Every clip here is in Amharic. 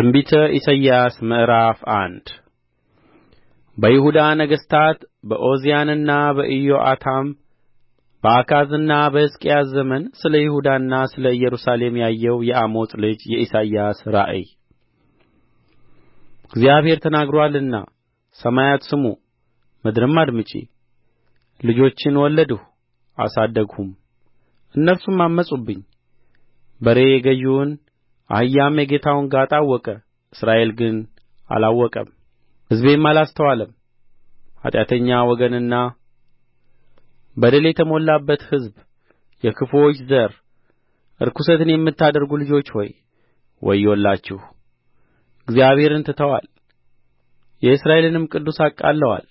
ትንቢተ ኢሳይያስ ምዕራፍ አንድ በይሁዳ ነገሥታት በዖዝያንና በኢዮአታም በአካዝና በሕዝቅያስ ዘመን ስለ ይሁዳና ስለ ኢየሩሳሌም ያየው የአሞጽ ልጅ የኢሳይያስ ራእይ እግዚአብሔር ተናግሮአልና ሰማያት ስሙ፣ ምድርም አድምጪ። ልጆችን ወለድሁ አሳደግሁም፣ እነርሱም አመጹብኝ በሬ ገዢውን አህያም የጌታውን ጋጣ አወቀ እስራኤል ግን አላወቀም ሕዝቤም አላስተዋለም ኃጢአተኛ ወገንና በደል የተሞላበት ሕዝብ የክፉዎች ዘር ርኵሰትን የምታደርጉ ልጆች ሆይ ወዮላችሁ እግዚአብሔርን ትተዋል የእስራኤልንም ቅዱስ አቃልለዋል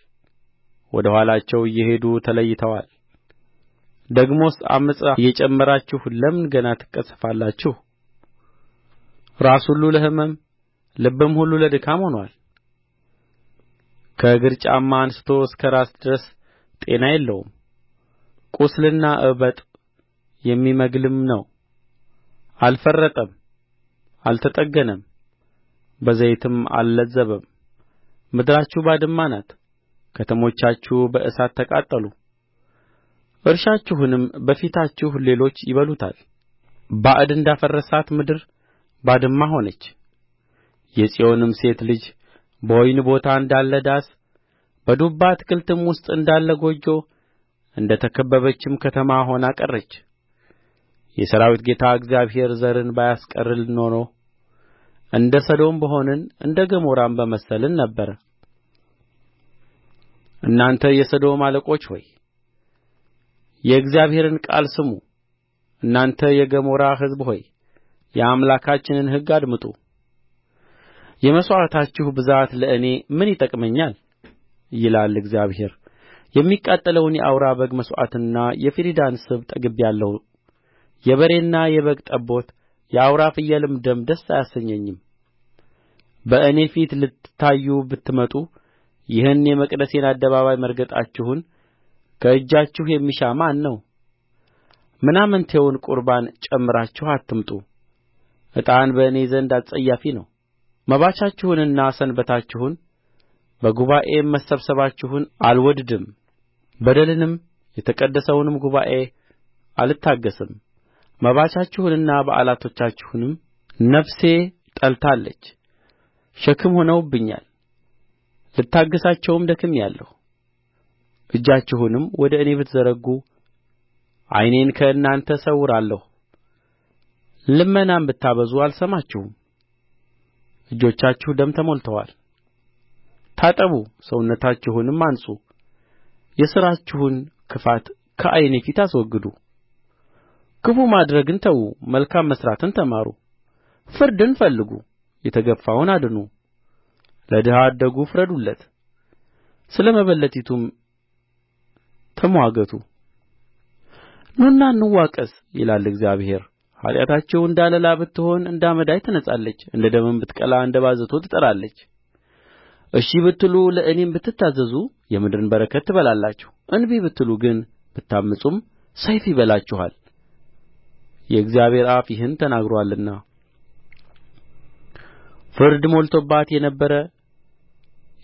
ወደ ኋላቸው እየሄዱ ተለይተዋል ደግሞስ ዓመፃ እየጨመራችሁ ለምን ገና ትቀሰፋላችሁ? ራስ ሁሉ ለሕመም ልብም ሁሉ ለድካም ሆኖአል ከእግር ጫማ አንስቶ እስከ ራስ ድረስ ጤና የለውም ቍስልና እበጥ የሚመግልም ነው አልፈረጠም አልተጠገነም በዘይትም አልለዘበም ምድራችሁ ባድማ ናት ከተሞቻችሁ በእሳት ተቃጠሉ እርሻችሁንም በፊታችሁ ሌሎች ይበሉታል ባዕድ እንዳፈረሳት ምድር ባድማ ሆነች የጽዮንም ሴት ልጅ በወይን ቦታ እንዳለ ዳስ በዱባ አትክልትም ውስጥ እንዳለ ጎጆ እንደ ተከበበችም ከተማ ሆና ቀረች የሠራዊት ጌታ እግዚአብሔር ዘርን ባያስቀርልን ኖሮ እንደ ሰዶም በሆንን እንደ ገሞራም በመሰልን ነበር እናንተ የሰዶም አለቆች ሆይ የእግዚአብሔርን ቃል ስሙ እናንተ የገሞራ ሕዝብ ሆይ የአምላካችንን ሕግ አድምጡ የመሥዋዕታችሁ ብዛት ለእኔ ምን ይጠቅመኛል ይላል እግዚአብሔር የሚቃጠለውን የአውራ በግ መሥዋዕትና የፍሪዳን ስብ ጠግቤአለሁ። የበሬና የበግ ጠቦት የአውራ ፍየልም ደም ደስ አያሰኘኝም በእኔ ፊት ልትታዩ ብትመጡ ይህን የመቅደሴን አደባባይ መርገጣችሁን ከእጃችሁ የሚሻ ማን ነው ምናምንቴውን ቁርባን ጨምራችሁ አትምጡ ዕጣን በእኔ ዘንድ አስጸያፊ ነው መባቻችሁንና ሰንበታችሁን በጉባኤም መሰብሰባችሁን አልወድድም በደልንም የተቀደሰውንም ጉባኤ አልታገሥም መባቻችሁንና በዓላቶቻችሁንም ነፍሴ ጠልታለች ሸክም ሆነውብኛል ልታገሣቸውም ደክሜአለሁ እጃችሁንም ወደ እኔ ብትዘረጉ ዓይኔን ከእናንተ እሰውራለሁ ልመናም ብታበዙ አልሰማችሁም እጆቻችሁ ደም ተሞልተዋል ታጠቡ ሰውነታችሁንም አንጹ የሥራችሁን ክፋት ከዓይኔ ፊት አስወግዱ ክፉ ማድረግን ተዉ መልካም መሥራትን ተማሩ ፍርድን ፈልጉ የተገፋውን አድኑ ለድሀ አደጉ ፍረዱለት ስለ መበለቲቱም ተምዋገቱ ኑና እንዋቀስ ይላል እግዚአብሔር ኃጢአታቸው እንደ አለላ ብትሆን እንደ አመዳይ ትነጻለች እንደ ደምም ብትቀላ እንደ ባዘቶ ትጠራለች እሺ ብትሉ ለእኔም ብትታዘዙ የምድርን በረከት ትበላላችሁ እንቢ ብትሉ ግን ብታምፁም ሰይፍ ይበላችኋል የእግዚአብሔር አፍ ይህን ተናግሮአልና ፍርድ ሞልቶባት የነበረ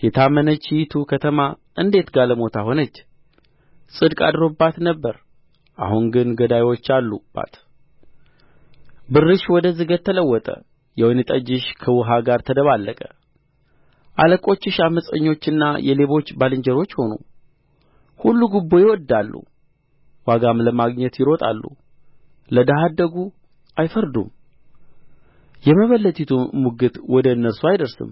የታመነችይቱ ከተማ እንዴት ጋለሞታ ሆነች ጽድቅ አድሮባት ነበር አሁን ግን ገዳዮች አሉባት ብርሽ ወደ ዝገት ተለወጠ የወይን ጠጅሽ ከውኃ ጋር ተደባለቀ አለቆችሽ ዓመፀኞችና የሌቦች ባልንጀሮች ሆኑ ሁሉ ጉቦ ይወድዳሉ ዋጋም ለማግኘት ይሮጣሉ ለድሀ አደጉ አይፈርዱም የመበለቲቱ ሙግት ወደ እነርሱ አይደርስም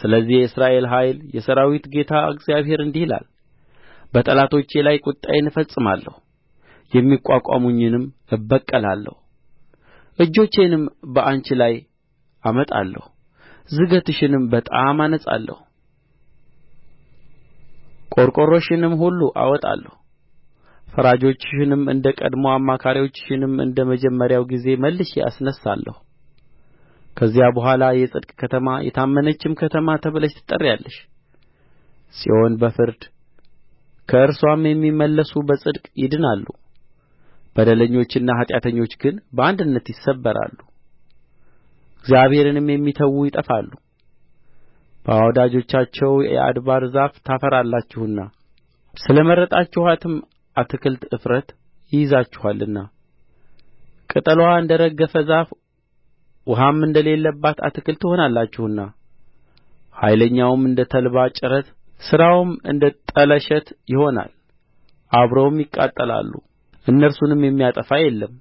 ስለዚህ የእስራኤል ኃይል የሠራዊት ጌታ እግዚአብሔር እንዲህ ይላል በጠላቶቼ ላይ ቍጣዬን እፈጽማለሁ የሚቋቋሙኝንም እበቀላለሁ እጆቼንም በአንቺ ላይ አመጣለሁ ዝገትሽንም በጣም አነጻለሁ ቆርቆሮሽንም ሁሉ አወጣለሁ ፈራጆችሽንም እንደ ቀድሞ አማካሪዎችሽንም እንደ መጀመሪያው ጊዜ መልሼ አስነሣለሁ ከዚያ በኋላ የጽድቅ ከተማ የታመነችም ከተማ ተብለሽ ትጠሪያለሽ ጽዮን በፍርድ ከእርስዋም የሚመለሱ በጽድቅ ይድናሉ በደለኞችና ኃጢአተኞች ግን በአንድነት ይሰበራሉ እግዚአብሔርንም የሚተዉ ይጠፋሉ በወዳጆቻቸው የአድባር ዛፍ ታፈራላችሁና ስለ መረጣችኋትም አትክልት እፍረት ይይዛችኋልና ቅጠልዋ እንደ ረገፈ ዛፍ ውሃም እንደሌለባት አትክልት ትሆናላችሁና ኃይለኛውም እንደ ተልባ ጭረት ሥራውም እንደ ጠለሸት ይሆናል አብረውም ይቃጠላሉ እነርሱንም የሚያጠፋ የለም